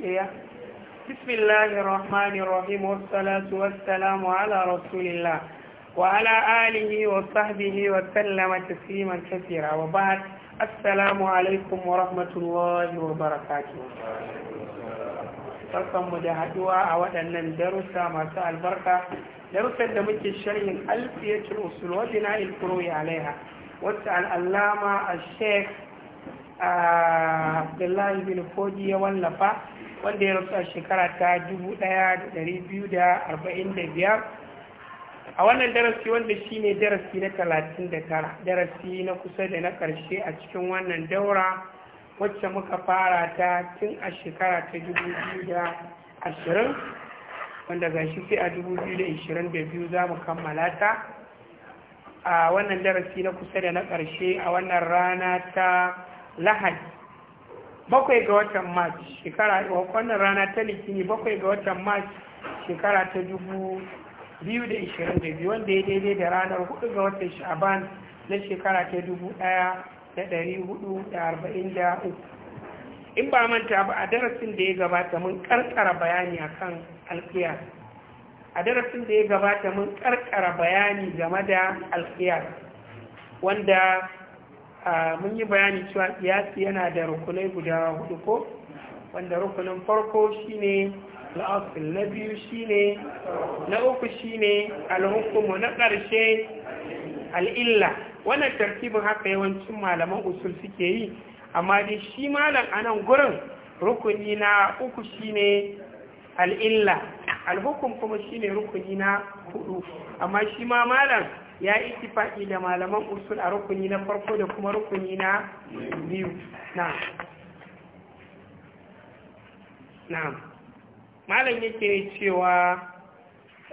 شيئا بسم الله الرحمن الرحيم والصلاة والسلام على رسول الله وعلى آله وصحبه وسلم تسليما كثيرا وبعد السلام عليكم ورحمة الله وبركاته barkan mu da haduwa a waɗannan darussa masu albarka darussan da muke sharhin alfiyatul usul wa bina'il furu'i alaiha wacce al'allama a sheikh abdullahi bin fodi ya wallafa wanda ya rasu a shekara ta 1245 a wannan darasi wanda shi ne darasi na 39 darasi na kusa da na karshe a cikin wannan daura wacce muka fara ta tun a shekara ta 2020 wanda ga shi sai a 2022 za mu kammala ta a wannan darasi na kusa da na karshe a wannan rana ta lahadi bakwai ga watan march shekara wannan rana ta litini bakwai ga watan march shekara ta dubu biyu da ishirin da biyu wanda ya daidai da ranar hudu ga watan sha'aban na shekara ta dubu daya da dari hudu da arba'in da uku in ba manta ba a darasin da ya gabata mun karkara bayani a kan alkiyar a darasin da ya gabata mun karkara bayani game da alkiyar wanda mun yi bayani cewa kiyasi yana da rukunai guda hudu ko wanda rukunin farko shine al'asul na biyu shine na uku shine alhukumu na ƙarshe al'illa wannan tartibin haka yawancin malaman usul suke yi amma dai shi malam a nan gurin rukuni na uku shine al'illa alhukum kuma shine rukuni na hudu amma shi ma malam ya tifaɗi da malaman usul a rukuni na farko da kuma rukuni na biyu na na malam yake cewa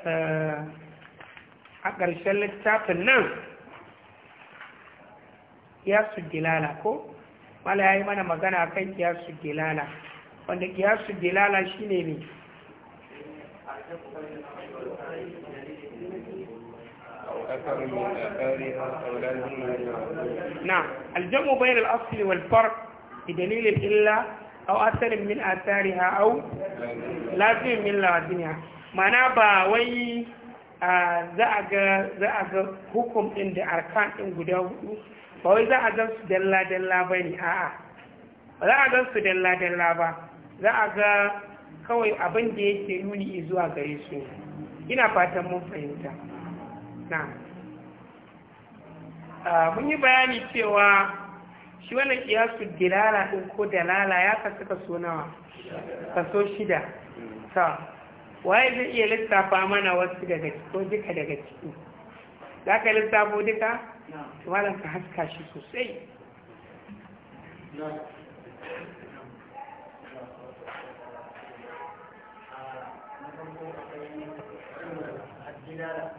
eh, a ƙarshen littafin nan ya su gilala, ko mala ya yi mana magana kan ya su dilala wanda gilala dilala shine ne نعم الجمع بين الأصل والفرق بدليل الإلا أو أثر من آثارها أو لازم من لازمها معنى باوي za a ga za a ga hukum ɗin da arkan ɗin guda hudu ba wai za a gan su dalla dalla ba ne a'a ba za a gan su dalla dalla ba za a ga kawai abin da yake nuni zuwa gare su ina fatan mun fahimta na ah, mun yi bayani cewa shi wannan kiyasu dilala ɗin ko dalala ya kasu kaso nawa kaso shida ta waye zai iya lissafa mana wasu daga ko duka daga ciki za ka lissafo duka? malam ka haska shi sosai Yeah.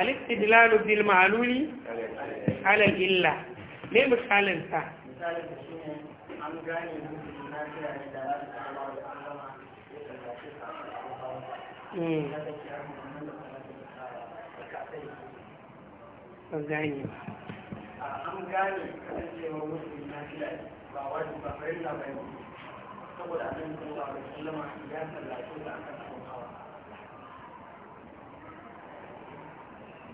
al'istidlalu bil ma'aluli alal illa ne misalinsa an gane an gane kasancewa musulmi na fila ba wani ba farin labarai saboda annabi sallallahu alaihi wasallam ya sallace ta akan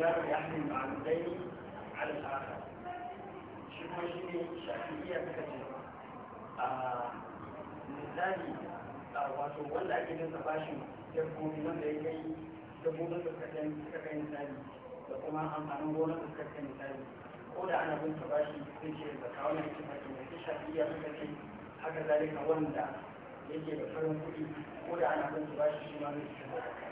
لا يحمل العمدين على الآخر شنو شيء شافعية كثيرة misali wato wanda ake nasa bashin dabbobi wanda ya kai dabbobin da suka kai suka kai misali da kuma amfanin gonar da suka kai misali ko da ana bin sa bashi zai ce da kawo na yake mace mai shafiya ce haka yake da farin kuɗi ko da ana sa bashi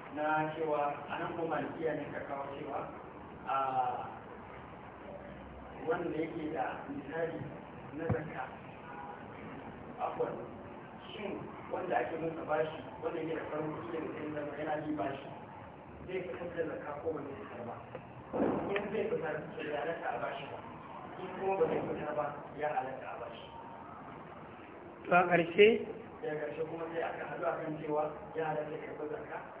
na cewa a nan kuma malikiya ne ka kawo cewa a wanda yake da misali na zakka akwai shin wanda ake masa bashi wanda yake da farin kuɗi da zai zama yana yi bashi zai fitar da zakka ko ba zai karba. in zai fitar da ya halatta a bashi ba in kuma ba zai fitar ba ya halatta a bashi. To a ƙarshe? ya ƙarshe kuma sai aka haɗu a kan cewa ya halatta karɓar zakka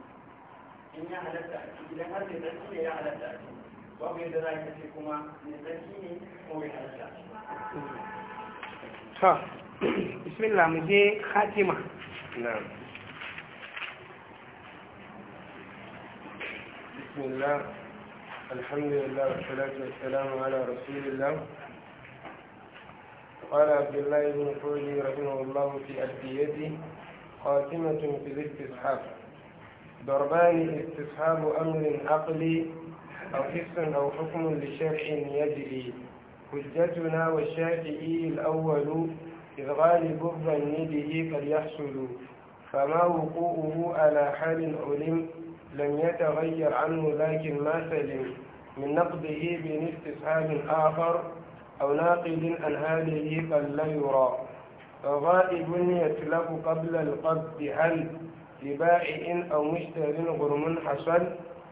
إنها لا تأتي إلى هذه الرسمة يا على تأتي وفي ذلك فيكما نتكيني هو على تأتي بسم الله مجي خاتمة نعم بسم الله الحمد لله والصلاة والسلام على رسول الله قال عبد الله بن حوزي رحمه الله في أبديته خاتمة في ذكر الصحابة ضربان استفهام أمر عقلي أو حس أو حكم لشرع يجري حجتنا والشافعي الأول إذ غالب الظن به قد يحصل فما وقوعه على حال علم لم يتغير عنه لكن ما سلم من نقضه من استفهام آخر أو ناقد أن هذه قد لا يرى غائب يتلف قبل القبض هل لبائع أو مشتر غرم حصل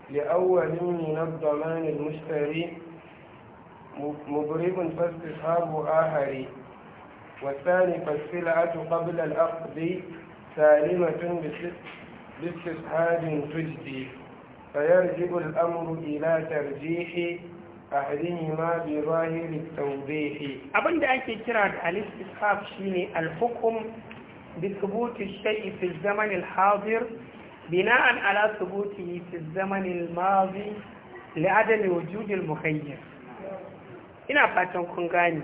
لأول من الضمان المشتري مضرب فاستصحاب آخر والثاني فالسلعة قبل الأقض سالمة باستصحاب تجدي فيرجع الأمر إلى ترجيح أحدهما بظاهر التوضيح أبن دا أكي الاستصحاب الاستسحاب شيني الحكم بثبوت الشيء في الزمن الحاضر بناء على ثبوته في الزمن الماضي لعدم وجود المخير ina fatan kun gane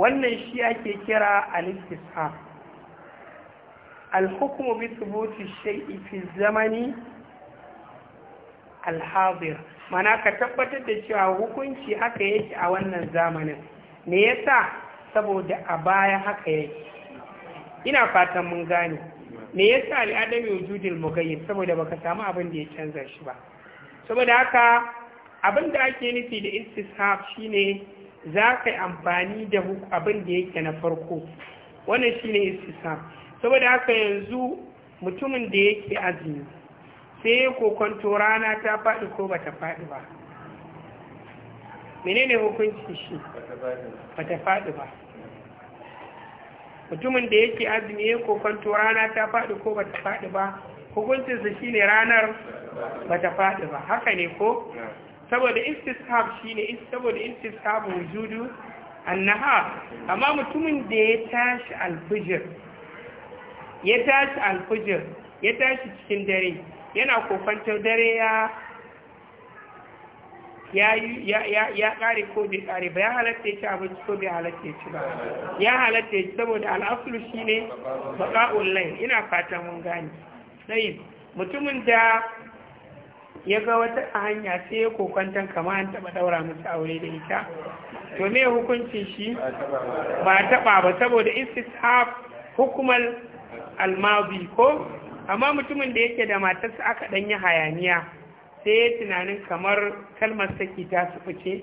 wannan shi ake kira al-istishab al-hukmu bi thubuti fi zamani al mana ka tabbatar da cewa hukunci haka yake a wannan zamanin me yasa saboda a baya haka yake ina fatan mun gane me yasa al'adam wujudul mughayyir saboda baka samu abin da ya canza shi ba saboda haka abin da ake nufi da istishab shine za yi amfani da abin da yake na farko wannan shine istishab saboda haka yanzu mutumin da yake azumi sai kokonto rana ta faɗi ko bata faɗi ba menene hukunci shi Ba bata faɗi ba mutumin da yake azumi ya kokonto rana ta faɗi ko ba ta faɗi ba hukuncinsa shine ranar ba ta faɗi ba haka ne ko saboda istishab ne saboda istishab wujudu annaha amma mutumin da ya tashi alfijir ya tashi alfijir ya tashi cikin dare yana kokonto dare ya ya kare ko bai kare ba ya halatta ci abinci ko bai halatta ci ba ya halatta ci saboda al'asulu shi ne baƙa'ul ina fata mun gani sai mutumin da ya ga wata a hanya sai ya kokwantan kama an taɓa ɗaura musu aure da ita to me hukuncin shi ba taɓa ba saboda istishab hukumar almazi ko amma mutumin da yake da matarsa aka ɗanyi hayaniya sai tunanin kamar kalmar saki ta sufuce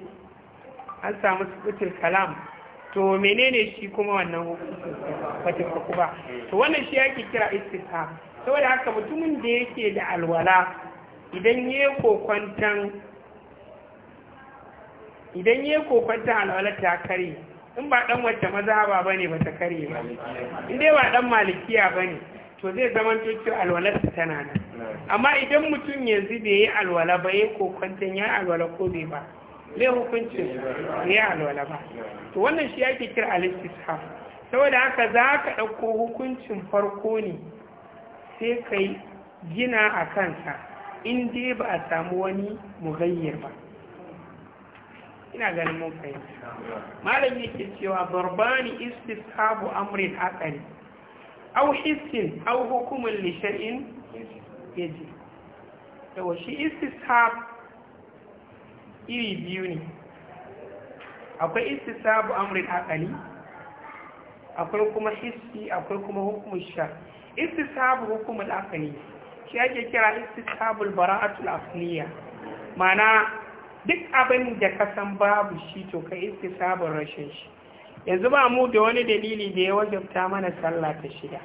an samu sufucin kalam to menene shi kuma wannan hukuncin wata ba to wannan shi yake kira istisa saboda haka mutumin da yake da alwala idan ya kokwantan idan ya alwala ta kare in ba dan maza ba ne ba ta kare ba in dai ba dan malikiya ne. to zai cikin cucu alwalarsa tana nan amma idan mutum yanzu bai yi alwala ba ya kokwanton ya alwala ko bai ba zai hukuncin ya alwala ba to wannan shi yake kira alistishaf saboda haka za ka ɗauko hukuncin farko ne sai ka gina a kansa in dai ba a samu wani mugayyar ba ina ganin mun fahimta malam yake cewa barbani istishabu amrin Hatsari. au hissin au hukumin lishar'in yaji yawa shi istishab iri biyu ne akwai istisabu amrin akali akwai kuma hissi akwai kuma hukumin sha istisabu hukumin akali shi ake kira istisabul bara'atul asliya mana duk abinda da ka san babu shi to ka istisabun rashin shi yanzu ba mu da wani dalili da ya wajabta mana sallah ta shida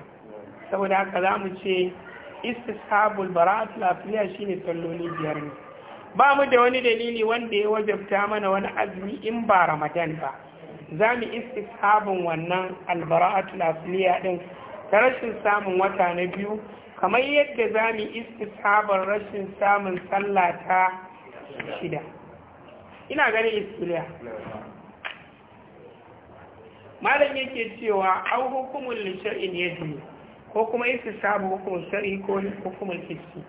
saboda haka za mu ce istisabul bara'at lafiya shine salloli biyar ne ba mu da wani dalili wanda ya wajabta mana wani azumi in ba ramadan ba za mu istisabun wannan albara'at lafiya din ta rashin samun wata na biyu kamar yadda za mu istisabun rashin samun sallah ta shida ina ganin istiliya malam yake cewa au hukumul li shar'in yajri ko kuma sabu hukumul shari'i ko hukumul hissi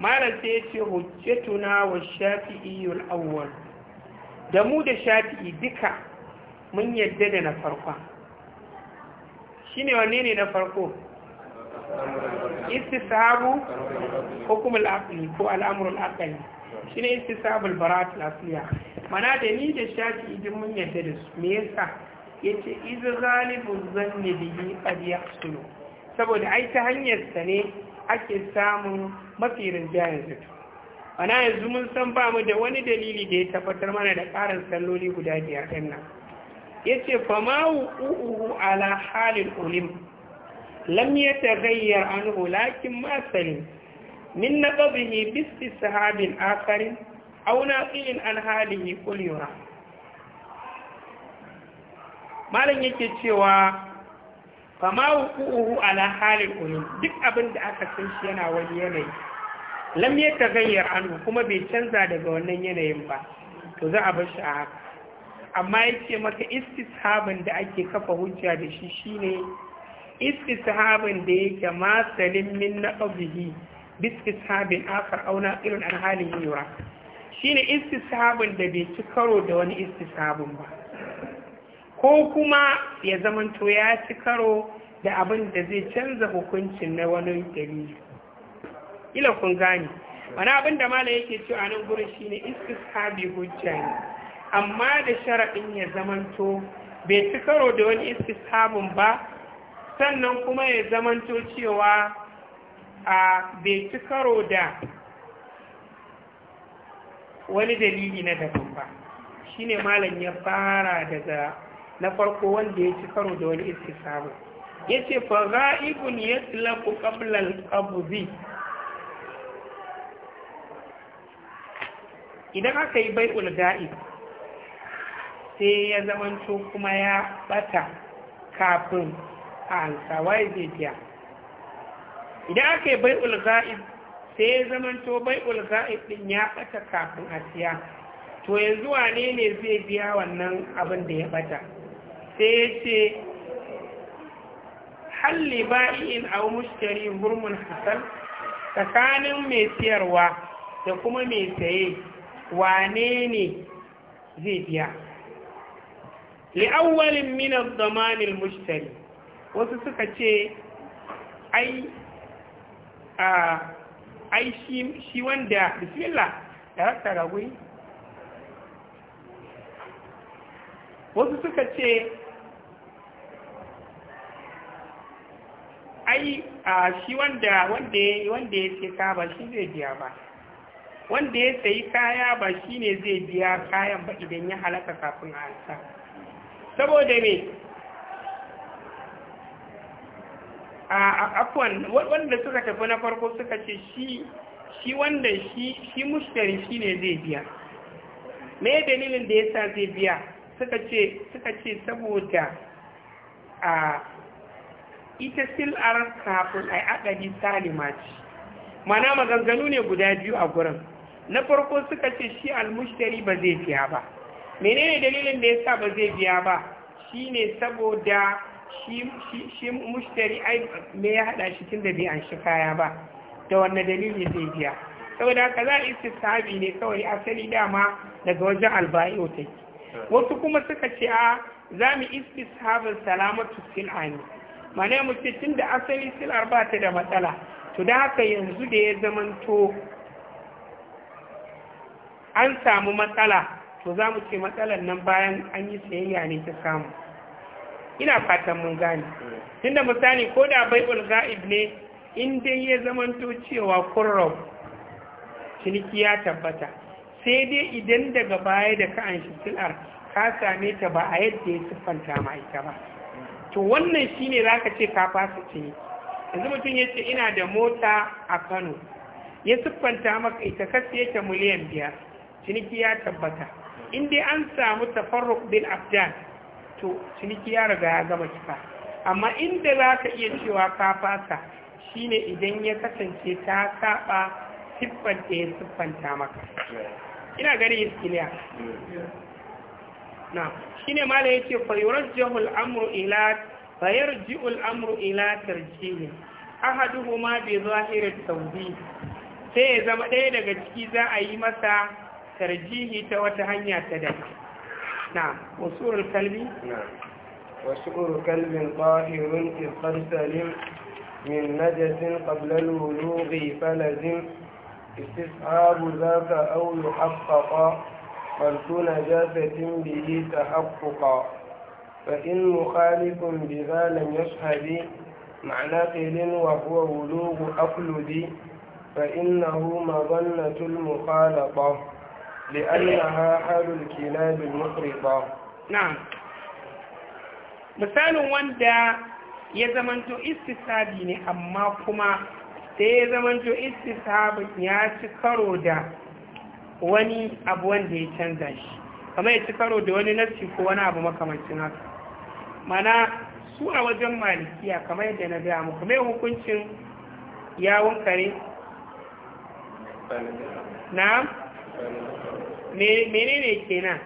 malam sai ya ce hujjatuna wa shafi'i al-awwal da mu da shafi'i duka mun yadda da na farko shine wanne ne na farko istisabu sabu al-aqli ko al-amr al-aqli shine istisabu al-barat al-asliya mana da ni da shafi'i duk mun yadda da su me yasa yace iz ghalibuz zanni bihi qad suno saboda ai ta hanyar sa ne ake samun mafi da zato ana yanzu mun san ba mu da wani dalili da ya tabbatar mana da ƙarin salloli guda biyar ɗin nan yace fa ma uku ala halil ulim lam yataghayyar anhu lakin ma salim min naqabihi bi sahabin akharin aw naqilin an halihi qul malam yake cewa fama hukuhu ala halin ulum duk abin da aka san shi yana wani yanayi lam ya tagayyar an kuma bai canza daga wannan yanayin ba to za a bar shi a haka amma yake maka istishabin da ake kafa hujja da shi shine istishabin da yake ma salim min na naqbihi bis istishabin akar auna irin alhalin yura shine istishabin da bai ci karo da wani istishabin ba ko kuma ya zamanto ya ci karo da abin da zai canza hukuncin na wani gari ila kun gani wani abin da mala yake cewa a nan gurin shine istishabi hujja ne amma da sharaɗin ya zamanto bai ci karo da wani istishabin ba sannan kuma ya zamanto cewa a bai ci karo da wani dalili na daban ba shine malam ya fara daga na farko wanda ya ci karo da wani istisabu ya ce fa ra'ibun ya tilafu ƙablan abuzi idan aka yi bai ulga'i sai ya zamanto kuma ya bata kafin a alsawa ya zai biya idan aka yi bai ulga'i sai ya zamanto bai ulga'i din ya bata kafin a siya to yanzu wane ne zai biya wannan abin da ya bata sai ya ce halli in au mushtari hurmun hasan tsakanin mai siyarwa da kuma mai saye wane ne zai biya li'awwalin awalin ad-damanil mushtari wasu suka ce ai a ai shi wanda bismillah wasu suka ce ai a shi wanda wanda wanda ya ce ka ba shi zai biya ba wanda ya sayi kaya ba shi ne zai biya kayan ba idan ya halaka kafin a halsa saboda me a afwan wanda suka tafi na farko suka ce shi shi wanda shi shi mushtari shi ne zai biya me dalilin da yasa zai biya suka ce suka ce saboda a ita sil'ar kafin a akadi salima ce mana maganganu ne guda biyu a gurin na farko suka ce shi almushtari ba zai biya ba menene dalilin da ya sa ba zai biya ba Shi ne saboda shi mushtari ai me ya hada shi da bai an shi kaya ba da wannan dalili zai biya saboda haka za a istisabi ne kawai asali dama daga wajen albai wasu kuma suka ce a za mu istisabin salamatu sil'ani mana mu ce tun da asali silar ba ta da matsala to da haka yanzu da ya zamanto an samu matsala to za mu ce matsalar nan bayan an yi sayayya ne ta samu ina fatan mun gane tun da misali ko da baibul ga'ib ne in dai ya zamanto cewa kurrau ciniki ya tabbata sai dai idan daga baya da ka an shi silar ka same ta ba a yadda ya siffanta ma ita ba to wannan shine zaka ce ka fasa ce yanzu mutum ya ce ina da mota a Kano ya siffanta maka ita kasi yake miliyan biyar ciniki ya tabbata in dai an samu tafarruk bil abdan to ciniki ya riga ya gama kifa amma inda za ka iya cewa ka fasa ne idan ya kasance ta saba siffanta ya siffanta maka ina gani iskiliya na shine mala yace fa yurjihu al-amru ila fa yarji'u al-amru ila tarjihi ahaduhuma bi zahiri tawbi sai ya zama ɗaya daga ciki za a yi masa tarjihi ta wata hanya ta da na wasurul kalbi na wasurul kalbin qahirun in qad salim min najasin qabla al-wulu'i falazim istis'abu zaka aw yuhaqqaqa فرط جافة به تحققا فإن مخالف بها لم يشهد مع نقل وهو بلوغ أقلد فإنه مظنة المخالطة لأنها حال الكلاب المخرطة نعم مثال وندا ya zamanto istisabi ne amma kuma sai ya zamanto istisabin wani abu wanda ya canza shi kamar ya ci karo da wani nassi ko wani abu makamancin haka mana su a wajen malikiya kamar yadda na gaya muku mai hukuncin yawon kare na ke kenan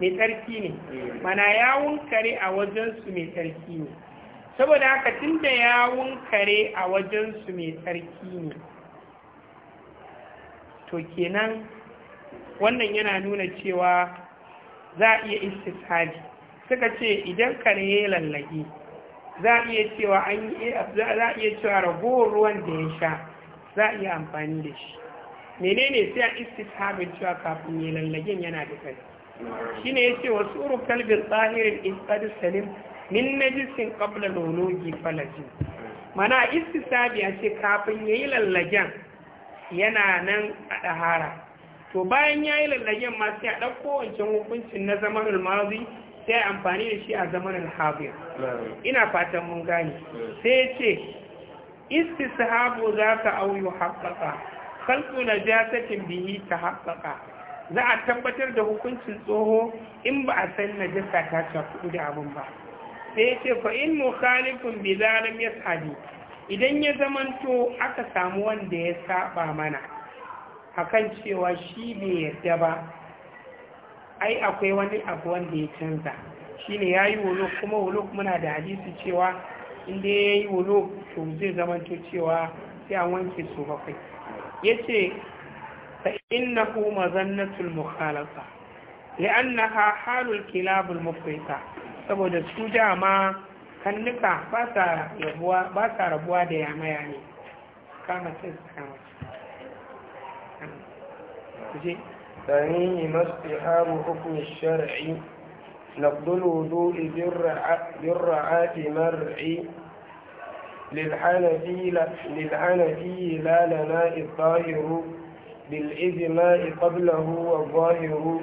mai tsarki ne mana yawon kare a wajensu mai tsarki ne saboda haka tun da yawon kare a wajensu mai tsarki ne to kenan wannan yana nuna cewa za a iya istisali suka ce idan kare ya lallage za a iya cewa an za a iya cewa ragowar ruwan da ya sha za a iya amfani da shi menene sai a istishabin cewa kafin ya lallagen yana da kai ya ce wa suru kalbin tsahirin isqad salim min jisin kabla lologi falaji mana istisabi a ce kafin ya yi lallagen yana nan a dahara to bayan ya yi lallagen ma sai a ɗauko wancan hukuncin na zaman mazi sai amfani da shi a zamanin habir ina fatan mun gane sai ce istisahabu za ka auyo haƙaƙa kalku na jasatin biyi ta za a tabbatar da hukuncin tsoho in ba a san na jasa ta cakudu da abin ba sai ce fa in mukhalifun bi zalim yashabi idan ya zamanto aka samu wanda ya saba mana akan cewa shi ne yadda ba ai akwai wani abu wanda ya canza shi ne ya yi wulo kuma wulo muna da hadisi cewa inda ya yi wulo to zai to cewa sai an wanke su bakwai ya ce ta fa innahu mazannatul mukhalafa ha halul kilabul mufrita saboda su dama kannuka ba sa rabuwa da yamaya ne kama sai su kama تجي ما استحام حكم الشرع نقض الوضوء بالرعاة مرعي للحنفي لا, للحنفي لا لنا الظاهر بالإذماء قبله والظاهر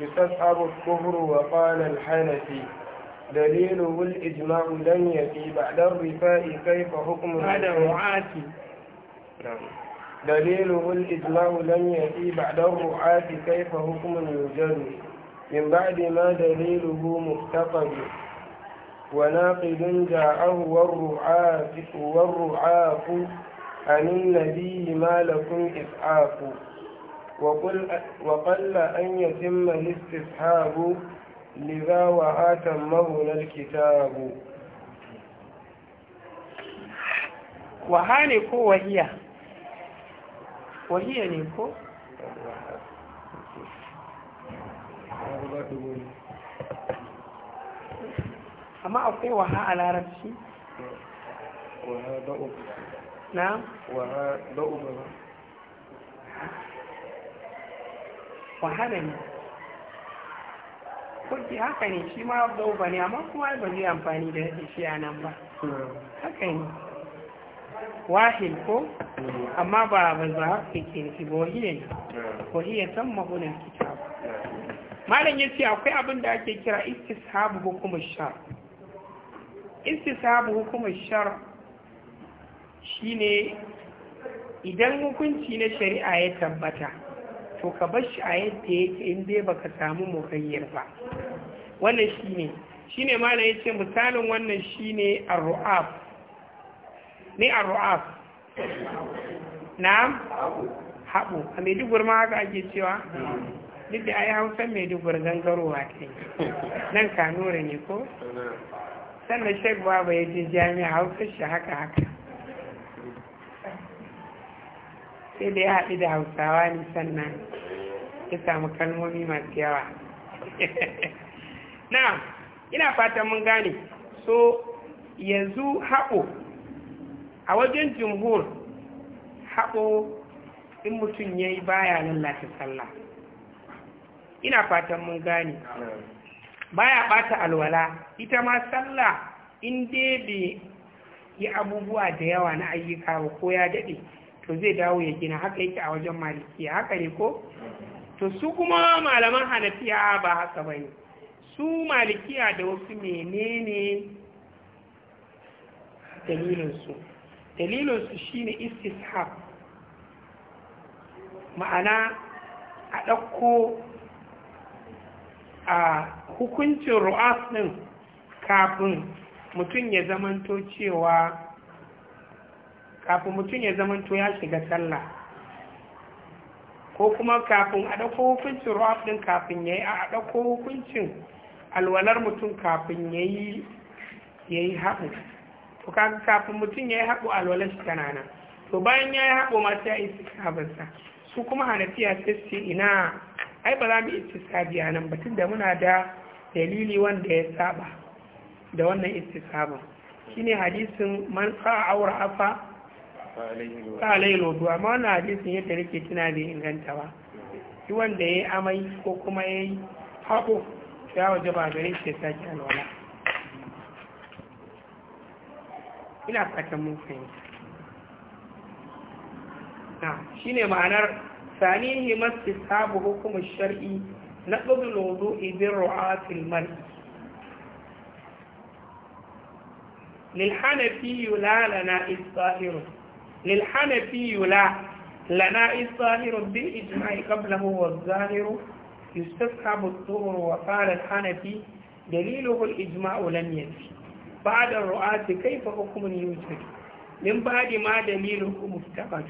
يستصحب الكفر وقال الحنفي دليله الإجماع لم يفي بعد الرفاء كيف حكم بعد معاتي نعم دليله الإجماع لم يأتي بعد الرعاة كيف حكم يوجد من بعد ما دليله مفتقد وناقد جاءه والرعاة والرعاة أن النبي ما لكم إسعاف وقل, وقل أن يتم الاستصحاب لذا وآتمهنا الكتاب وهاني قوة هي wahiya ne ko amma akwai waha a larabci Waha na wahala ne kurki haka ne shi ma da'uba ne amma kuma ba zai amfani da shi a nan ba hmm. haka ne wahil ko amma ba mazhar fikin ki bohiyan bohiyan san magunan kitabu. malam ya ce akwai abin da ake kira istishabu hukumar shar istishabu hukumar shar shine idan hukunci na shari'a ya tabbata to ka bar shi a yadda yake in dai baka samu mukayyar ba wannan shine shine malam ya ce misalin wannan shine ar-ru'ab Ni a na'am haɓu a maiduguri ma haka ake cewa duk da ayi hausa maiduguri gangarowa ta ke. nan kanura ne ko sannan shek baba ya je jami'a hausa shi haka haka sai da ya haɗu da hausawa ne sannan ya samu kalmomi masu yawa na'am ina fatan mun gane so yanzu haɓo a wajen jumhur haɓo in mutum ya yi baya lallata sallah ina fatan mun gane baya ɓata alwala ita ma sallah in dai bai yi abubuwa da yawa na ayyuka ko ya daɗe to zai dawo ya gina haka yake a wajen malikiya haka ne ko to su kuma malaman hanafiya ba haka ba su malikiya da wasu menene dalilinsu dalilinsu shi ne istishab ma'ana a ɗauko a hukuncin ru'as ɗin kafin mutum ya zamanto cewa kafin mutum ya zamanto ya shiga sallah ko kuma kafin a ɗauko hukuncin ru'as ɗin kafin ya yi a ɗauko hukuncin alwalar mutum kafin ya yi haɓu kaga kafin mutum ya yi haɓo alwalar shi kanana to bayan ya yi haɓo masu ya yi sabansa su kuma hanafiya sai su ina ai ba za mu yi istisabi a nan batun da muna da dalili wanda ya saba da wannan shi shine hadisin man a aura afa ta lailo duwa amma wannan hadisin yadda nake tuna da inganta ba shi wanda ya yi amai ko kuma ya yi haɓo ya waje ba gare shi ya sake alwala ina fatan mun fahimta na shine ma'anar sanihi masu sabu hukumar shar'i na ɗaukar lodo ibin ru'atul mar'i للحنفي لا لنا الظاهر للحنفي لا لنا الظاهر بالإجماع قبله والظاهر يستسحب الظهر وقال الحنفي دليله الإجماع لم ينفي بعد الرؤاة كيف حكم يوجد من بعد ما دليله مفتقد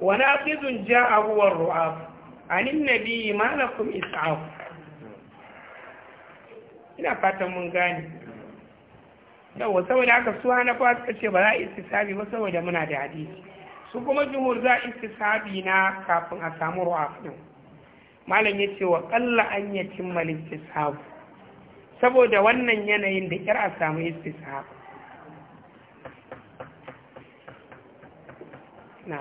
وناقض جاء هو الرعاف عن النبي ما لكم إسعاف ina fatan mun gane yawa saboda haka su hana fa suka ce ba za a istisabi ba saboda muna da hadisi su kuma jumhur za a istisabi na kafin a samu rua din malam yace wa qalla an istisabu saboda wannan yanayin da kira samu istishab na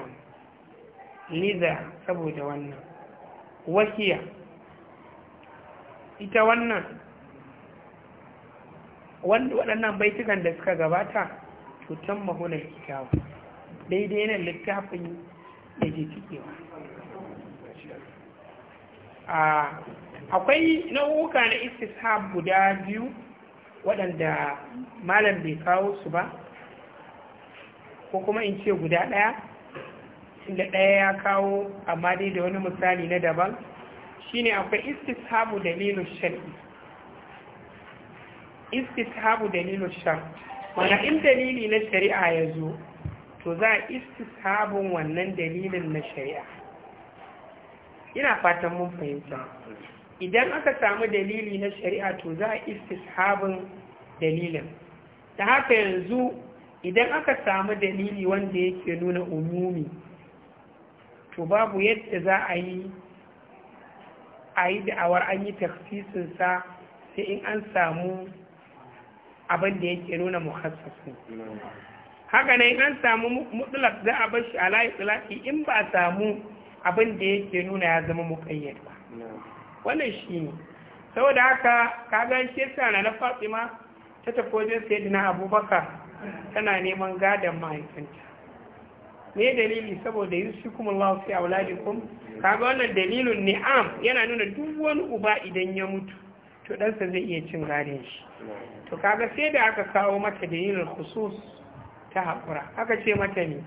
liza saboda wannan wahiya ita wannan waɗannan baitukan da suka gabata cutan mahunar kitabu daidai yana littafin da ke cikewa ah, akwai nau'uka na istishab guda biyu waɗanda malam bai kawo su ba ko kuma in ce guda ɗaya inda ɗaya ya kawo amma dai da wani misali na daban shine akwai istishabu dalilu shar'i istishabu dalilu shar wanda in dalili na shari'a ya zo to za a istishabun wannan dalilin na shari'a ina fatan mun fahimta idan aka samu dalili na shari'a to za a istishabin dalilin ta haka yanzu idan aka samu dalili wanda yake nuna umumi to babu yadda za a yi a yi da'awar an yi tafisinsa sai in an samu abin da yake nuna muhassasu haka nan an samu mutlak za a bashi ala tsulaki in ba a samu abin da yake nuna ya zama muqayyad ba wannan shi ne saboda haka kagan shi yasa na fatima ta tafi wajen sayyidina abubakar tana neman gadon mahaifinta me dalili saboda yusukum Allah fi auladikum kaga wannan dalilun ni'am yana nuna duk wani uba idan ya mutu to ɗansa zai iya cin gadon shi to kaga sai da aka kawo mata dalilin khusus ta haƙura aka ce mata ne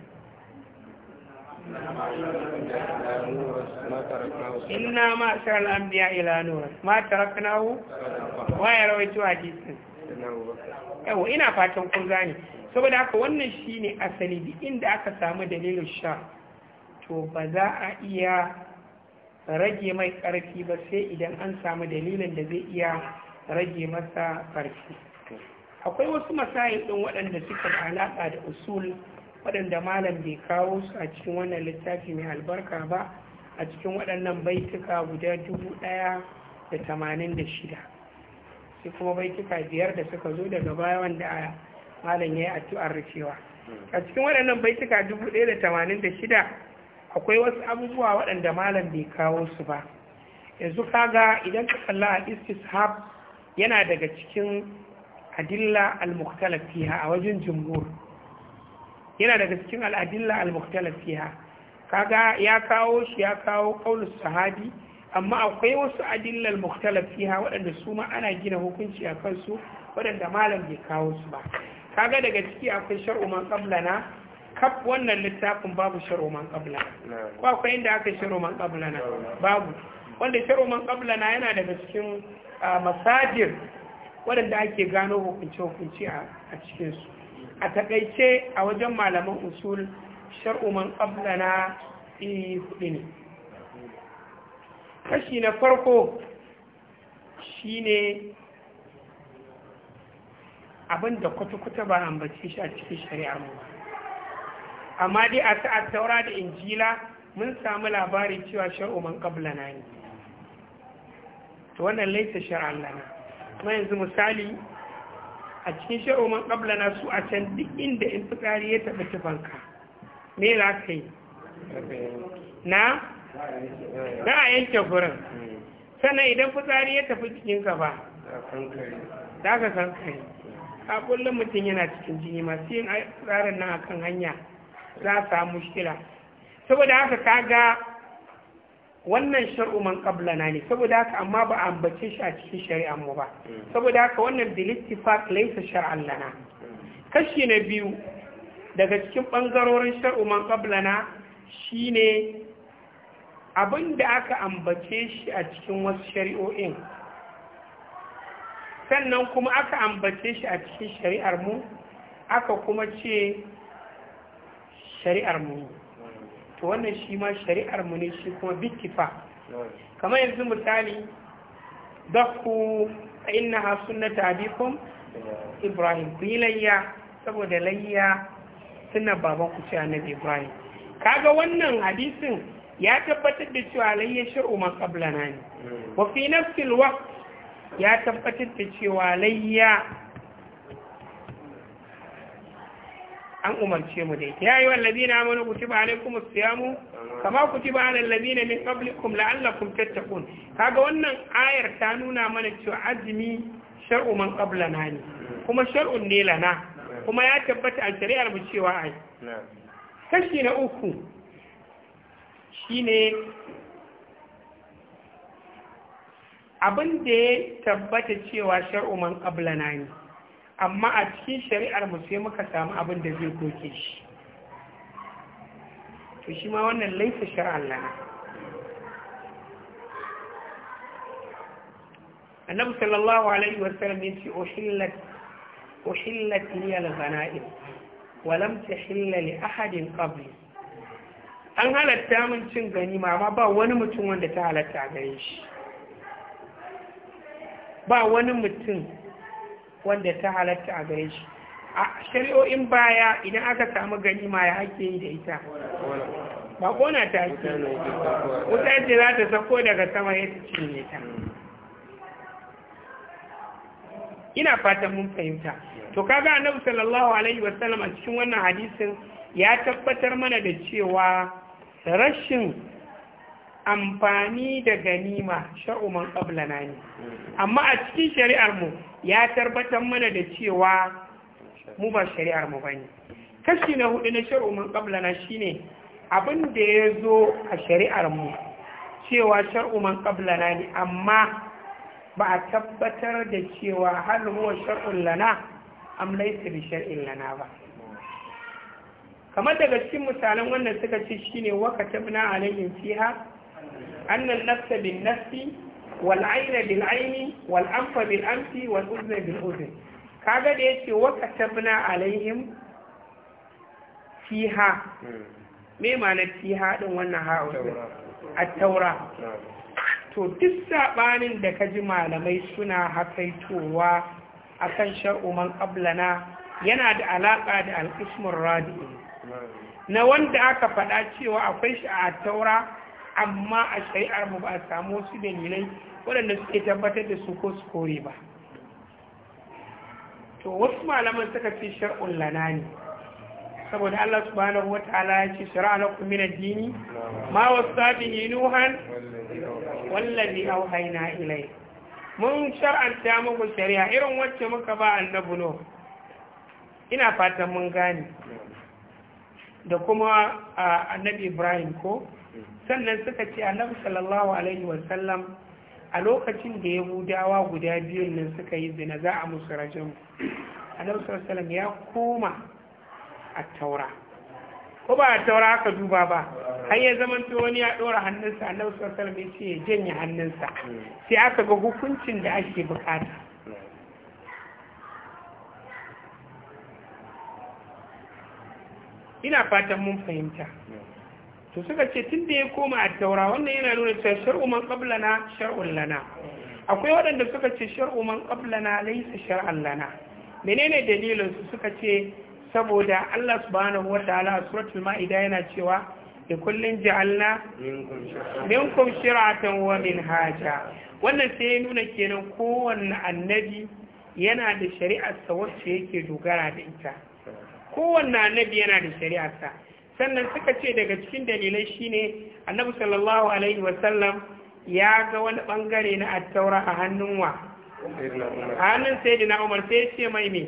inna ma asar anbiya ila nura ma taraknahu wa ya rawaito yawa ina fatan kun gane saboda haka wannan shine asali bi inda aka samu dalilin sha to ba za a iya rage mai ƙarfi ba sai idan an samu dalilin da zai iya rage masa ƙarfi akwai wasu masayin ɗin waɗanda suka da alaƙa da usul waɗanda malam bai kawo su a cikin wannan littafi mai albarka ba a cikin waɗannan baituka guda dubu ɗaya da tamanin da shida sai kuma baituka biyar da suka zo daga baya wanda malam ya yi addu'ar rikewa a cikin waɗannan baituka dubu ɗaya da tamanin da shida akwai wasu abubuwa waɗanda malam bai kawo su ba yanzu kaga idan ka kalla a istishab yana daga cikin adilla al-mukhtalafiha a wajen jumhur yana daga cikin al'adilla al-mukhtalaf fiha kaga ya kawo shi ya kawo qaulus sahabi amma akwai wasu adilla al-mukhtalaf fiha waɗanda su ma ana gina hukunci a kansu waɗanda malam bai kawo su ba kaga daga ciki akwai shar'u man qablana kaf wannan littafin babu shar'u man qablana ko akwai inda aka shar'u man qablana babu wanda shar'u man qablana yana daga cikin ah, masajir waɗanda ake gano hukunci hukunci a cikinsu a takaice a wajen malaman usul shar'uman man na iri hudu ne kashi na farko shi ne abinda kwata-kwata ba ambace shi a cikin shari'ar mu amma dai a ta'a taura da injila mun samu labari cewa shar'uman man na ne to wannan laisa shar'an lana ma yanzu misali a cikin sha'oman ƙabla na su a can duk inda in fitsari ya taɓa tufanka me za ka yi na za a yanke furin sannan idan fitsari ya tafi ka ba za ka san kai a kullum mutum yana cikin jini masu yin tsarin nan akan hanya za a samu mushkila saboda haka ka ga. wannan shar'u man na ne saboda haka amma ba a ambace shi a cikin shari'ar mu ba saboda haka wannan bil ittifaq laysa shar'an lana kashi na biyu daga cikin bangarorin shar'u man na shine abinda aka ambace shi a cikin wasu shari'o'in sannan kuma aka ambace shi a cikin shari'ar mu aka kuma ce shari'ar mu to wannan shi ma shari'ar mu ne shi kuma bittifa kamar yanzu misali dakku innaha sunnata abikum ibrahim bilayya layya saboda layya suna baban ku cewa annabi ibrahim kaga wannan hadisin ya tabbatar da cewa layya shiru ma qablana ne hmm. wa fi nafsil ya tabbatar da cewa layya an umarce mu dai ya yi wallazi na amanu kutiba alaikum siyamu kama kutiba alal ladina min qablikum la'allakum tattaqun kaga wannan ayar ta nuna mana cewa azumi shar'u man qablana ne kuma shar'un ne lana kuma ya tabbata a shari'ar mu cewa ai kashi na uku shine abin da ya tabbata cewa shar'u man ne amma a cikin shari'ar mu sai muka samu abin da zai goke shi to shi ma wannan laifi shar'an lana annabi sallallahu alaihi wasallam ya ce uhillat uhillat liya al-ghana'im wa lam tahilla li ahadin qabli an halatta min cin ganima amma ba wani mutum wanda ta halatta gare shi ba wani mutum wanda ta halatta a gare shi a shari'o'in baya idan aka samu ganima ya ake yi da ita ba kona ta ake wuta yadda za ta sako daga sama ya ta cinye ta ina fatan mun fahimta to kaga annabi sallallahu alaihi wasallam a cikin wannan hadisin ya tabbatar mana da cewa rashin amfani da ganima sha'uman ƙablana ne amma a cikin shari'ar mu ya tabbatar mana da cewa mu ba shari'armu ba ne kashi na hudu na sha'uman ƙablana shine abin da ya zo a shari'ar mu cewa sha'uman ƙablana ne amma ba a tabbatar da cewa halin wa shar'un lana am laisa bi shar'in lana ba kamar daga cikin misalan wannan suka ce shine waka tabna alaihim fiha أن النفس بالنفس والعين بالعين والأنف بالأنف والأذن بالأذن kaga da yake waka tabna alaihim fiha me mana fiha din wannan ha'a'u a taura to duk saɓanin da ka ji malamai suna hakaitowa a kan shar'uman ƙablana yana da alaƙa da alƙismin radi'in na wanda aka faɗa cewa akwai shi a taura amma a shari'ar mu ba a samu wasu dalilai waɗanda suke tabbatar da su ko su kore ba to wasu malaman suka ce shar'un lana ne saboda Allah subhanahu wa ta'ala ya ce shari'a na kuma na dini ma wasu yi nuhan au haina ilai mun shar'anta muku shari'a irin wacce muka ba annabi no ina fatan mun gane da kuma annabi ibrahim ko sannan suka ce annabi sallallahu alaihi wasallam a lokacin da yahudawa guda biyun nan suka yi zina za a musu rajin annabi sallallahu alaihi ya koma a taura ko ba a taura aka duba ba har ya zama to wani ya dora hannunsa annabi sallallahu alaihi wasallam ya janye hannunsa sai aka ga hukuncin da ake bukata ina fatan mun fahimta to suka ce tun da ya koma a taura wannan yana nuna cewa shar'u man qablana shar'un lana akwai waɗanda suka ce shar'u man qablana laysa shar'an lana menene dalilin su suka ce saboda Allah subhanahu wataala a suratul ma'ida yana cewa da kullun ja'alna minkum shir'atan wa minhaja wannan sai ya nuna kenan kowanne annabi yana da shari'arsa wacce yake dogara da ita kowanne annabi yana da shari'arsa sannan suka ce daga cikin dalilai shine annabi sallallahu alaihi wasallam ya ga wani bangare na attaura a hannun wa a hannun na umar sai ce mai ne.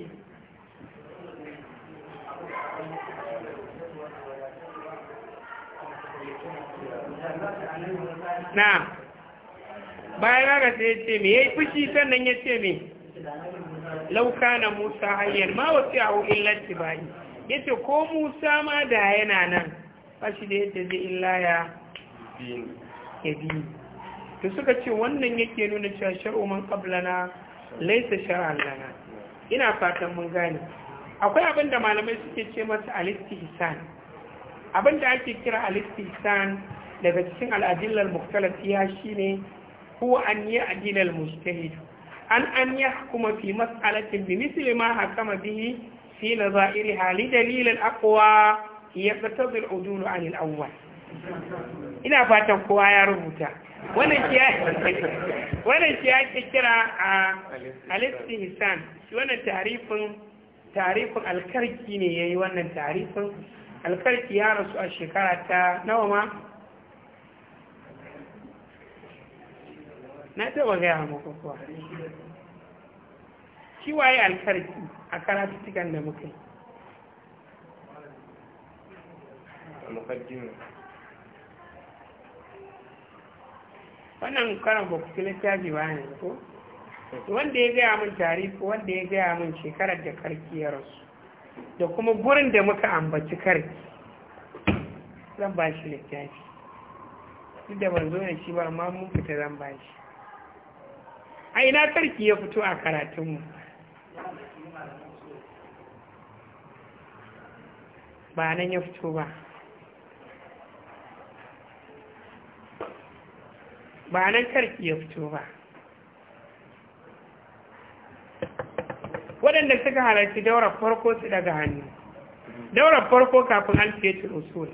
na bayan raga sai ce me yi fushi sannan ya ce me lauka na musa hanyar. ma wasu yahu illa tibai ya ko musa ma da yana nan ba shi da yadda zai illa ya biyu To suka ce wannan yake nuna cewa sharu man qablana laysa shar'an lana ina fatan mun gane akwai abinda malamai suke ce masa alistihsan abin da ake kira alistihsan daga cikin al muktalafiya shine huwa an yi adilal mujtahid an an yahkuma fi mas'alatin bi misli ma hakama bihi fi nazairiha li dalilin aqwa yaqtadi al awwal ina fatan kowa ya rubuta wannan shi ake kira a al-istihsan shi wannan tarifin tarifin al-karki ne wannan tarifin al ya rasu a shekara ta nawa ma na taba gaya makon kuwa shi waye alkarki a karatutukan da muka yi wannan karan ba ku fi littafi ba ne ko wanda ya gaya min tarihi wanda ya gaya min shekarar da karki ya rasu da kuma gurin da muka ambaci karki zan ba shi littafi duk da ban zo da shi ba amma mun fita zan ba shi a ina karki ya fito a karatunmu ba nan ya fito ba ba nan karki ya fito ba waɗanda suka halarci daura farko su daga hannu daura farko kafin alfiyatul usul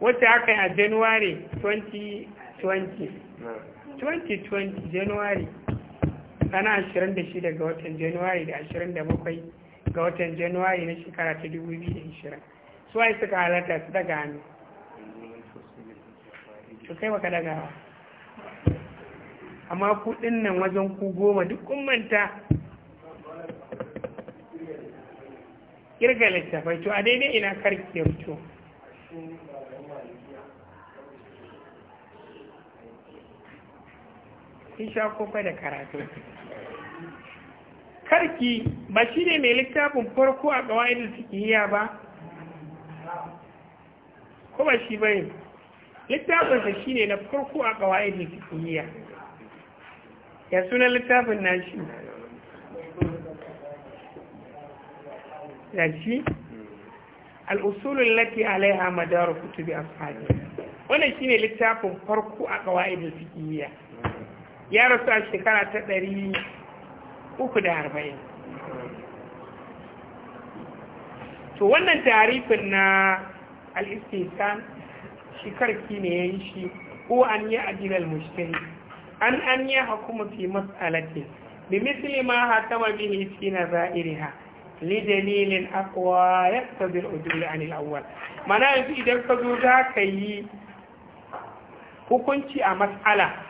wacce aka yi a januwari 2020 2020 january ana 26 ga watan january da 27 ga watan january na shekara ta 2020 ai suka halarta su daga hannu to kai maka dagawa amma kudin nan wajen ku goma duk kun manta kirga littafai to a daidai ina karki ya fito kin sha kofa da karatu karki ba shi ne mai littafin farko a suke sikiyya ba ko ba shi bane littafinsa shi ne na farko a suke sikiyya ya suna littafin na shi da shi al'usulun lati alaiha madara kutubi a amfani wannan shi ne littafin farko a suke sikiyya ya rasu a shekara ta ɗari uku da arba'in to wannan tarifin na al'istisan shi ki ne ya yi shi ko an yi adilal mushtari an an yi hakuma fi mas'alatin da misali ma hatama bihi fi nazairiha li dalilin aqwa yaqtadi al-udul an al mana yanzu idan ka zo za ka yi hukunci a mas'ala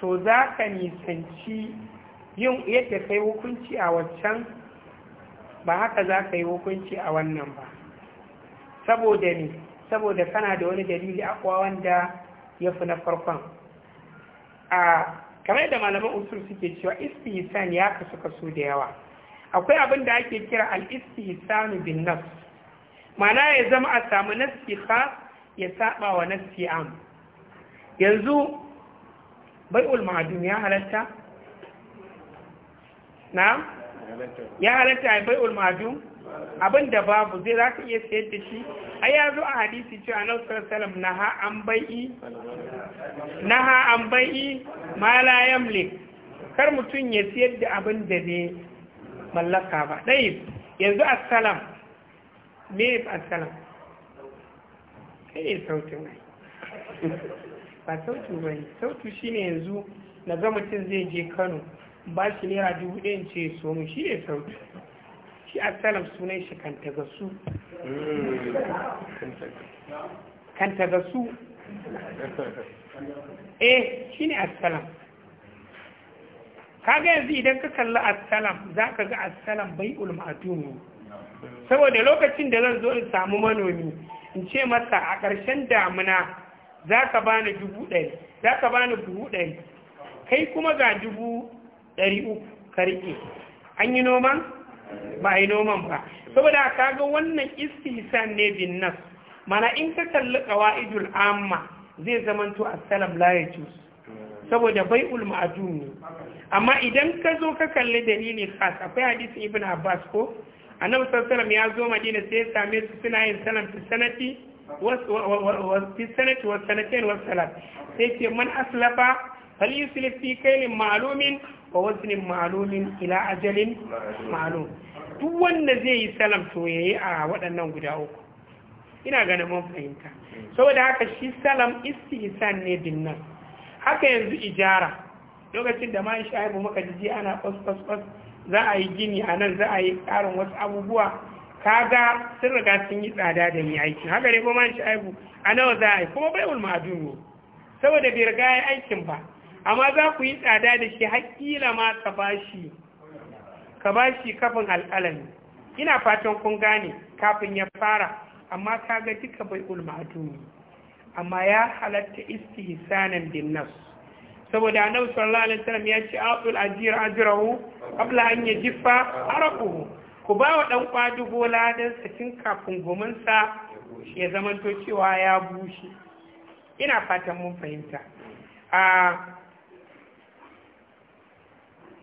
to za ka nisanci yin yadda ka yi hukunci a waccan ba haka za ka yi hukunci a wannan ba saboda ne saboda kana da wani dalili akwa wanda ya fi na farkon a kamar da malaman usul suke cewa istihsan ya kasu kaso da yawa akwai abin da ake kira al-istihsanu bin nafs mana ya zama a samu nafsi ya saba wa nafsi am yanzu bai'ul ma'adun ya halatta na ya halatta a bai'ul ma'adun abinda babu zai za ka iya sayar da shi a ya zo a hadisi cewa na salam na ha an bai'i na ha an bai'i ma la yamlik kar mutum ya sayar da abin da ne mallaka ba ɗaya yanzu assalam me assalam kai sautin ai ba sautu ba ne sautu shine yanzu na ga mutum zai je kano ba shi naira dubu ɗaya ce so mu shi ne sautu shi As-Salam sunan shi kan tagasu kan tagasu eh shi ne Ka kaga yanzu idan ka kalli As-Salam za ka ga As-Salam bai ulmatumi saboda lokacin da zan zo in samu manomi in ce masa a ƙarshen damuna za ka bani dubu ɗari za ka ni buhu ɗari kai kuma ga dubu ɗari uku ka riƙe an yi noman ba a yi noman ba saboda ka ga wannan istihsan ne bin nas mana in ka kalli ƙawa idul amma zai zamanto salam salam yajuz saboda bai bai'ul a duniya amma idan ka zo ka kalli dalili khas akwai hadisi ibn abbas ko annabi sallallahu alaihi wasallam ya zo madina sai ya same su suna yin salam fi sanati fi sanati wasu sanatain wasu salat sai ce man aslafa fal yuslif fi kailin ma'lumin wa waznin ma'lumin ila ajalin ma'lum duk wanda zai yi salam to yayi a waɗannan guda uku ina ganin mun fahimta saboda haka shi salam istihsan ne bin nan haka yanzu ijara lokacin da mai shaibu muka ana kwas kwas za a yi gini a nan za a yi ƙarin wasu abubuwa kaga sun riga sun yi tsada da ni aiki haka ne kuma shi aibu a nawa za a yi kuma bai'ul ma'adun ne saboda bai riga ya aikin ba amma za ku yi tsada da shi hakila ma ka shi ka bashi kafin alƙalami ina fatan kun gane kafin ya fara amma kaga duka bai'ul ma'adun ne amma ya halatta iski bin nas saboda annabi sallallahu alaihi wasallam ya ce aqul ajira ajrahu qabla an yajifa araquhu ku ba wa ɗan ƙwadugo ladansa cikin kafin gominsa ya zamanto cewa ya bushe ina fatan mun fahimta a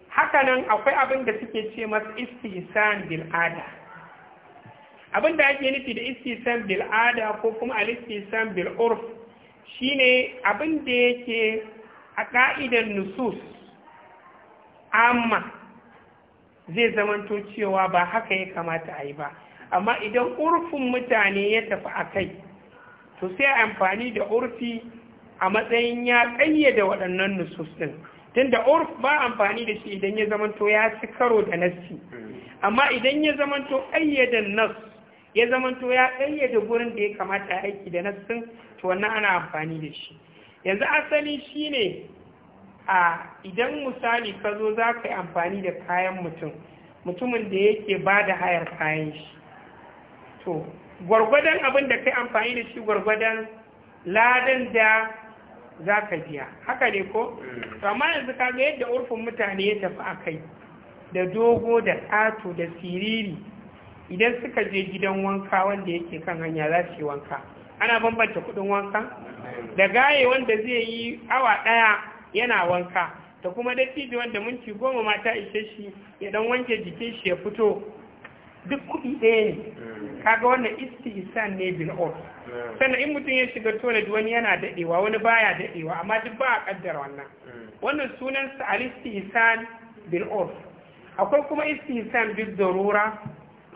hakanan akwai abin da suke ce masu san bil'ada abin da ake nufi da san bil'ada ko kuma al-istihsan bil'urf shine abin da yake a ƙa'idar nusus amma zai zamanto cewa ba haka ya kamata a yi ba amma idan urfin mutane ya tafi a kai to sai amfani da urfi a matsayin ya da waɗannan nusus ɗin tunda urf ba amfani da shi idan ya zamanto ya ci karo da nassi amma idan ya zamanto da nas ya zamanto ya da gurin da ya kamata aiki da nassin to wannan ana amfani da shi yanzu asali shine a idan misali ka zo za ka yi amfani da kayan mutum mutumin da yake ba da hayar kayan shi to gwargwadon abin da ka yi amfani da shi gwargwadon ladan da za ka biya haka ne ko? Mm. amma yanzu ka ga yadda urfin mutane ya tafi a kai da dogo da ƙato da siriri idan suka je gidan wanka wanda yake kan hanya za su yi wanka ana bambanta kuɗin wanka mm. da gaye wanda zai yi awa ɗaya yana wanka da kuma dattijo wanda minti goma mata ishe shi ya dan wanke jikin shi ya fito duk kuɗi ɗaya ne mm. kaga wannan isti isan ne bin ot mm. sannan in mutum ya shiga toilet wani yana daɗewa wani baya daɗewa amma duk ba a ƙaddara wannan mm. wannan sunan sa alisti isan bin ot akwai kuma isti isan bil zarura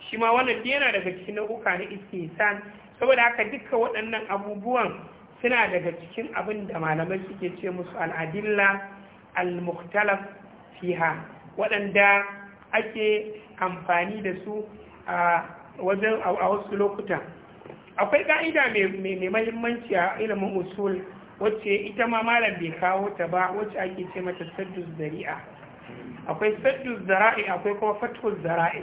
shi ma wannan yana daga cikin nau'uka na isti isan saboda haka duka waɗannan abubuwan suna daga cikin abin da malamai suke ce musu al'adilla al-mukhtalaf fiha waɗanda ake amfani da su a wajen a wasu lokuta akwai ƙa'ida mai mahimmanci a ilimin usul wacce ita ma malam bai kawo ta ba wacce ake ce mata saddus zari'a akwai saddu zara'i akwai kuma fathu zara'i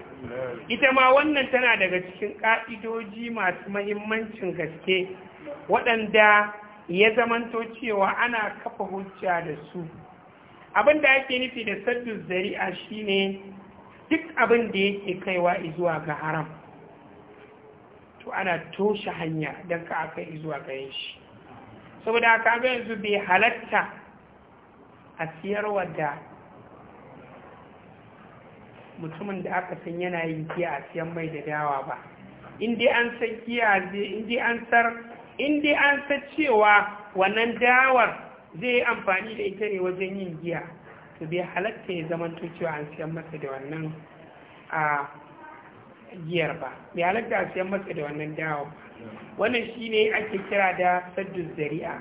ita ma wannan tana daga cikin ka'idoji masu mahimmancin gaske waɗanda ya zamanto cewa ana kafa hujja da su abin da ake nufi da saddu zari'a shine duk abin da yake kaiwa zuwa ga haram to ana toshe hanya don ka aka zuwa ga shi saboda ga yanzu bai halatta a siyarwa da mutumin da aka san yana yin giya a siyan mai da dawa ba in dai an san giya an sar in an san cewa wannan dawar zai yi amfani da ita ne wajen yin giya to bai halatta ya zama to cewa an siyan masa da wannan a giyar ba bai halatta a siyan masa da wannan dawa wannan shine ake kira da saddus zari'a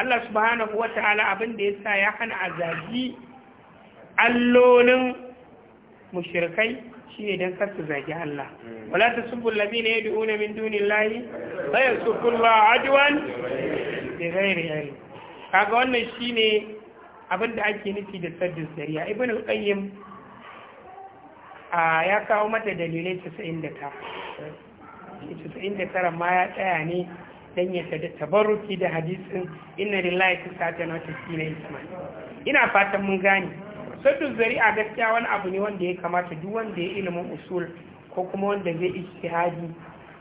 Allah subhanahu wataala abin da yasa ya hana azabi allolin Mushirikai shine dan don su zagi Allah hmm. wala tasubbu alladhina yad'una min dunillahi su yasubbullaha adwan bi ghairi 'yari. kaga wannan ne abin da ake nufi da saddin sariya ibn al-qayyim a ya kawo mata dalilai da 99 ma ya tsaya ne don ya tada tabarruki da hadisin inna lillahi tisatan wa tisina isman ina fatan mun gane saddun zari'a gaskiya wani abu ne wanda ya kamata duk wanda ya ilimin usul ko kuma wanda zai ijtihadi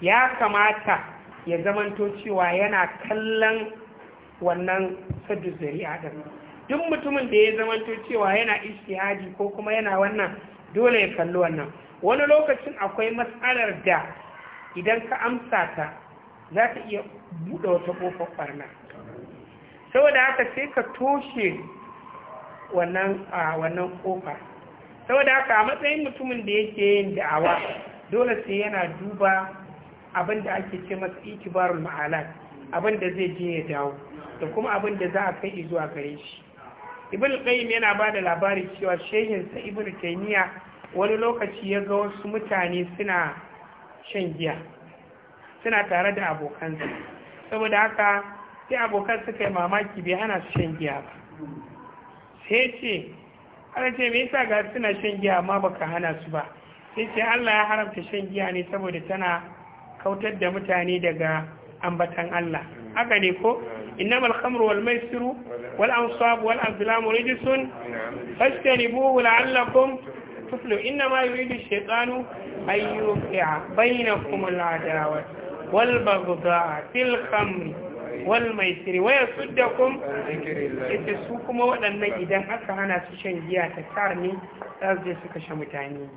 ya kamata ya zamanto cewa yana kallon wannan saddun zari'a din duk mutumin da ya zamanto cewa yana ijtihadi ko kuma yana wannan dole ya kalli wannan wani lokacin akwai matsalar da idan ka amsa ta za ta iya buɗe wata ƙofar ɓarna saboda haka sai ka toshe wannan a kofa saboda haka a matsayin mutumin da yake yin da'awa dole sai yana duba abin da ake ce masa ikibarul ma'alat abin da zai je ya dawo da kuma abin da za a kai a gare shi ibn qayyim yana ba da labari cewa shehin sa ibn taymiya wani lokaci ya ga wasu mutane suna shan giya suna tare da abokansa saboda haka sai abokan suka yi mamaki bai hana su shan giya ba sai ce ana ce me yasa ga suna shan giya amma baka hana su ba sai ce Allah ya haramta shan giya ne saboda tana kautar da mutane daga ambatan Allah haka ne ko innamal khamru wal maisiru wal ansab wal azlam rijsun fastanibuhu la'allakum tuflu innama yuridu shaytanu an bainakum al adawa wal baghdha fil khamri wal siri waya su da kun ita su kuma waɗannan idan aka hana su shan giya ta tar ne za su su kashe mutane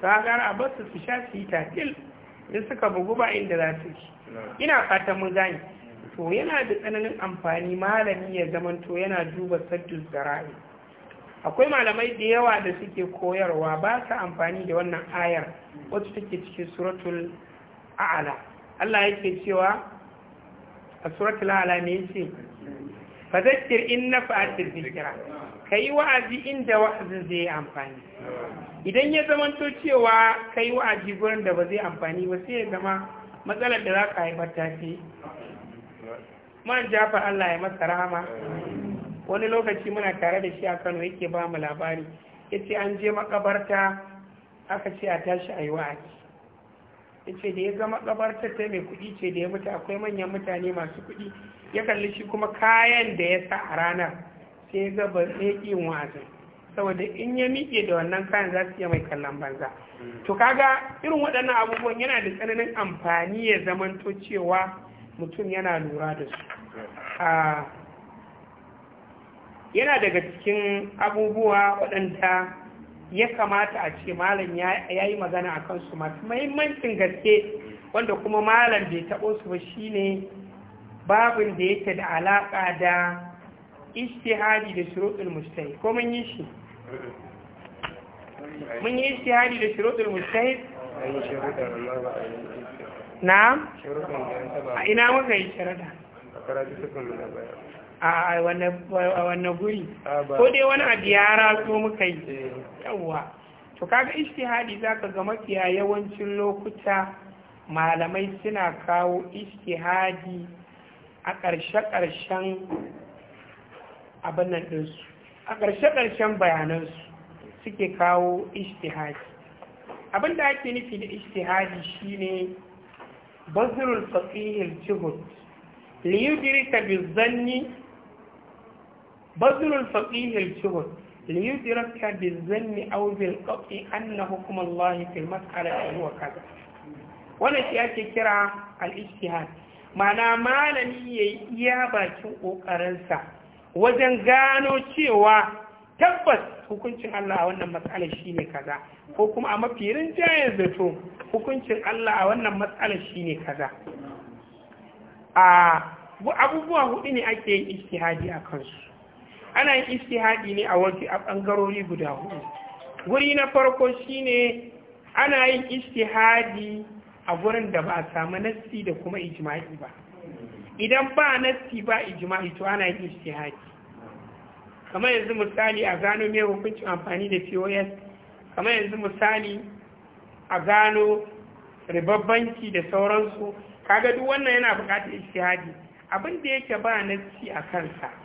to a gara a basu su sha su yi tafil da suka bugu ba inda za su ci ina fatan mu gani to yana da tsananin amfani malami ya zamanto yana duba da zara'i akwai malamai da yawa da suke koyarwa ba su amfani da wannan ayar wasu take cikin suratul a'ala Allah yake cewa a suratul ala ne yace fa zakkir in nafa'atil Ka kai wa'azi inda wa'azin zai amfani idan ya zamanto cewa kai wa'azi gurin da ba zai amfani ba sai ya zama matsalar da za ka haifar ta ce man jafa Allah ya masa rahama wani lokaci muna tare da shi a Kano yake ba mu labari yace an je makabarta aka ce a tashi a yi wa'azi ya da ya zama makabartar ta mai kuɗi ce da ya mutu akwai manyan mutane masu kuɗi ya kalli shi kuma kayan da ya sa a ranar sai ya ga ba zai saboda in ya miƙe da wannan kayan za su iya mai kallon banza hmm. to kaga irin waɗannan abubuwan yana da tsananin amfani ya zamanto cewa mutum yana lura da su hmm. yana daga cikin abubuwa waɗanda ya kamata a ce malam ya yi magana a kansu masu mahimmancin gaske wanda kuma malam bai taɓo su ba shine babin da yake da alaƙa da istihadi da shuruɗul mustahid ko mun yi shi mun yi istihadi da shuruɗul mustahid na a ina muka yi sharaɗa a wanne guri ko dai wani abu ya ratso muka yi eh. yawwa to kaga ishtihadi zaka ga mafiya yawancin lokuta malamai suna kawo ishtihadi a ƙarshe-ƙarshen abinnan ɗinsu a ƙarshe-ƙarshen bayanansu suke kawo ishtihadi abin da ake nufi da ishtihadi shine bazirul fasihil jihud liyudirka bizanni bazirul faqihil juhud ليدرك بالظن أو بالقطع أن حكم الله في المسألة هو كذا wannan shi ake kira al'ishihad mana malami ya yi iya bakin ƙoƙarinsa wajen gano cewa tabbas hukuncin Allah a wannan matsalar shi ne kaza ko kuma a mafirin jayen zato hukuncin Allah a wannan matsalar shi ne kaza a abubuwa hudu ne ake yin ishihadi a kansu ana yin istihadi ne a waje a ɓangarori guda hudu guri na farko shine ana yin istihadi a gurin da ba a samu nassi da kuma ijima'i ba idan ba nassi ba ijima'i to ana yin istihadi kamar yanzu misali a gano mai hukuncin amfani da pos kamar yanzu misali a gano ribabbanci da sauransu kaga duk wannan yana buƙatar istihadi abin da yake ba nassi a kansa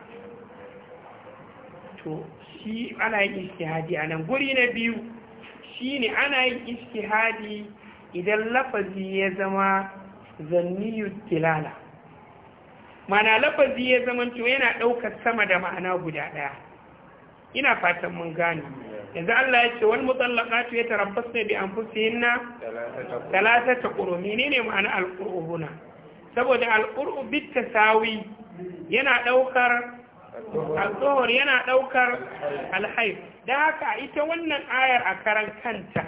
to shi ana yin istihadi a nan guri na biyu shi ne ana yin istihadi idan lafazi ya zama zanniyu tilala mana lafazi ya zama to yana ɗaukar sama da ma'ana guda ɗaya ina fatan mun gane yanzu Allah ya ce wani mutallaqatu ya tarabbasna bi anfusihinna talatata quru menene ma'ana al-qurubuna saboda al bitta bit yana ɗaukar al yana ɗaukar alhaif da haka ita wannan ayar a karan kanta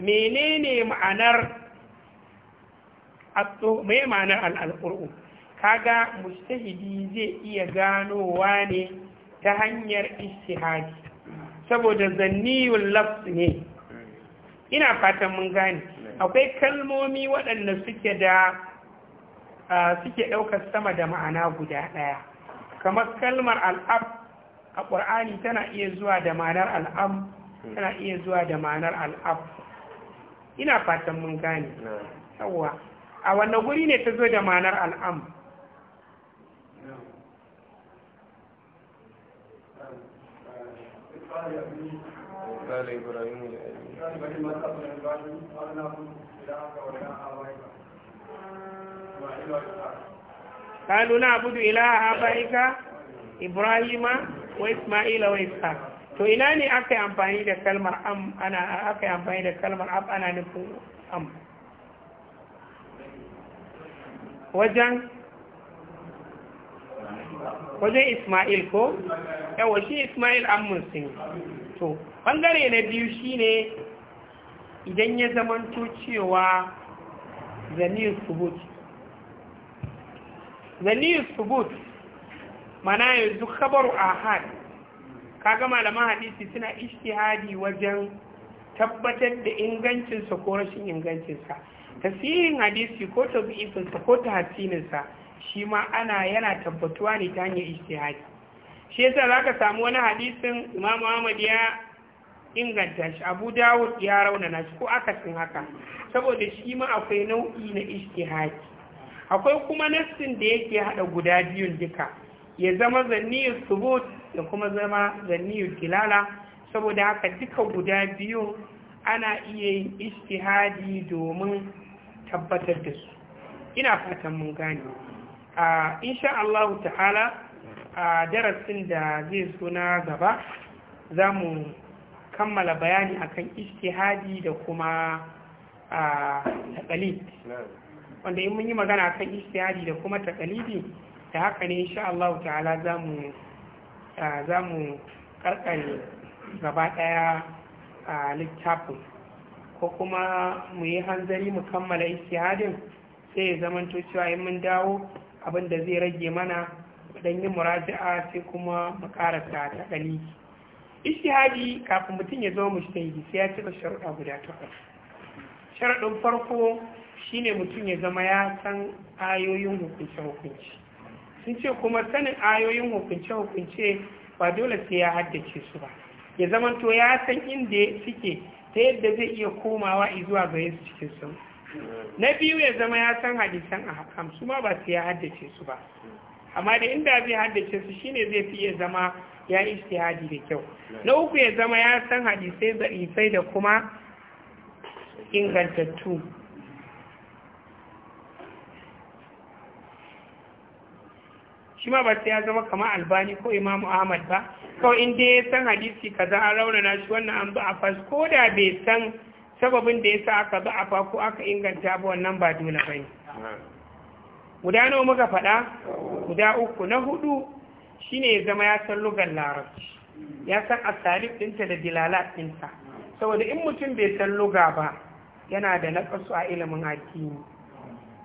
menene ma'anar mai ma'anar al'alƙur'u kaga mustahidi zai iya ganowa ne ta hanyar istihadi saboda zanniyun lafs ne ina fatan mun gane akwai kalmomi waɗanda suke da ah, suke ɗaukar sama da ma'ana guda ɗaya kamar kalmar al'ab a ƙwar'ani tana iya zuwa da ma'anar al'am tana iya zuwa da ma'anar al'ab ina fatan mun gane yawwa a wanne guri ne ta zo da ma'anar al'am Thank you. قالوا نعبد إله آبائك إبراهيم وإسماعيل وإسحاق to ina ne aka yi amfani da kalmar am ana aka yi amfani da kalmar ab ana nufin am wajen wajen ismail ko yawa shi ismail an musin to bangare na biyu shine idan ya zamanto cewa zamir subuti zaniyu subut mana yanzu khabaru ahad kaga malaman hadisi suna ishtihadi wajen tabbatar da ingancinsa ko rashin ingancinsa tasirin hadisi ko tabi'ifinsa ko sa shi ma ana yana tabbatuwa ne ta hanyar ishtihadi shi yasa zaka samu wani hadisin Imam Ahmad ya inganta shi Abu Dawud ya raunana shi ko akasin haka saboda shi ma akwai nau'i na ishtihadi akwai kuma nassin da yake hada guda biyun duka ya zama zanniyu subut ya kuma zama zanniyu tilala saboda haka duka guda biyun ana iya yin istihadi domin tabbatar da su ina fatan mun gane a insha Allah ta'ala a darasin da zai so na gaba za mu kammala bayani akan istihadi da kuma a wanda in mun yi magana kan istiyari da kuma takalibi da haka ne insha Allah ta'ala zamu zamu karkare gaba daya a littafin ko kuma mu yi hanzari mu kammala ijtihadin sai ya zamanto cewa in mun dawo abin da zai rage mana dan yin muraja'a sai kuma mu karasa ta dalili ijtihadi kafin mutum ya zo mujtahidi sai ya cika sharuɗa guda takwas sharaɗin farko shine mutum ya zama ya san ayoyin hukunce-hukunce sun ce kuma sanin ayoyin hukunce-hukunce ba dole sai ya haddace su ba ya zama to ya san inda suke ta yadda zai iya komawa izuwa ga yesu cikin su na biyu ya zama ya san hadisan a hakam su ma ba sai ya haddace su ba amma da inda zai haddace su shine zai fi iya zama ya ishtihadi da kyau na uku ya zama ya san hadisai da kuma ingantattu shi ma ba sai ya zama kamar albani ko imamu ahmad ba kawai in dai ya san hadisi kaza an raunana shi wannan an ba a fas ko da bai san sababin da ya sa aka ba a fa ko aka inganta ba wannan ba dole ba ne guda nawa muka faɗa guda uku na hudu shine ya zama ya san lugar larabci ya san asalif ɗinta da dilala ɗinta saboda in mutum bai san luga ba yana da naƙasu a ilimin addini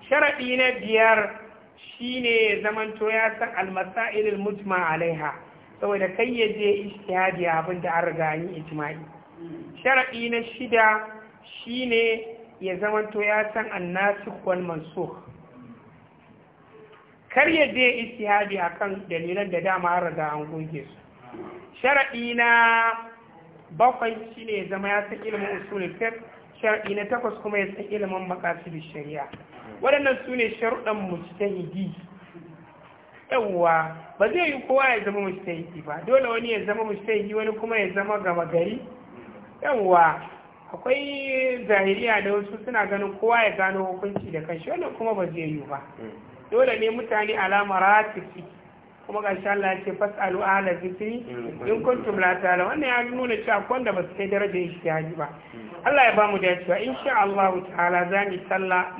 sharaɗi na biyar shine ya zamanto ya san almasailul mujma alaiha saboda kai ya je ijtihadi abin da an riga an yi ijma'i shar'i na shida shine ya zamanto ya san annasu wal mansukh kar ya je a akan dalilan da dama an riga an goge su sharaɗi na bakwai shine ya zama ya san ilimin usulul fiqh na takwas kuma ya san ilimin maqasidish shari'a waɗannan su ne sharuɗan mustahidi yawwa ba zai yi kowa ya zama mustahidi ba dole wani ya zama mustahidi wani kuma ya zama gama gari yawwa akwai zahiriya da wasu suna ganin kowa ya gano hukunci da kanshi wannan kuma ba zai yi ba hmm. dole ne mutane alama ratif kuma ga sha Allah ce fasalu ala zikri in kuntum la ta'ala wannan ya nuna cewa kon da basu kai darajar ijtihadi ba Allah ya bamu cewa insha Allah ta'ala za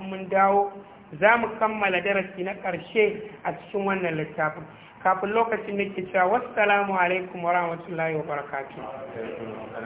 mun dawo zamu kammala darasi na karshe a cikin wannan littafin kafin lokacin nake cewa wassalamu alaikum wa rahmatullahi wa barakatuh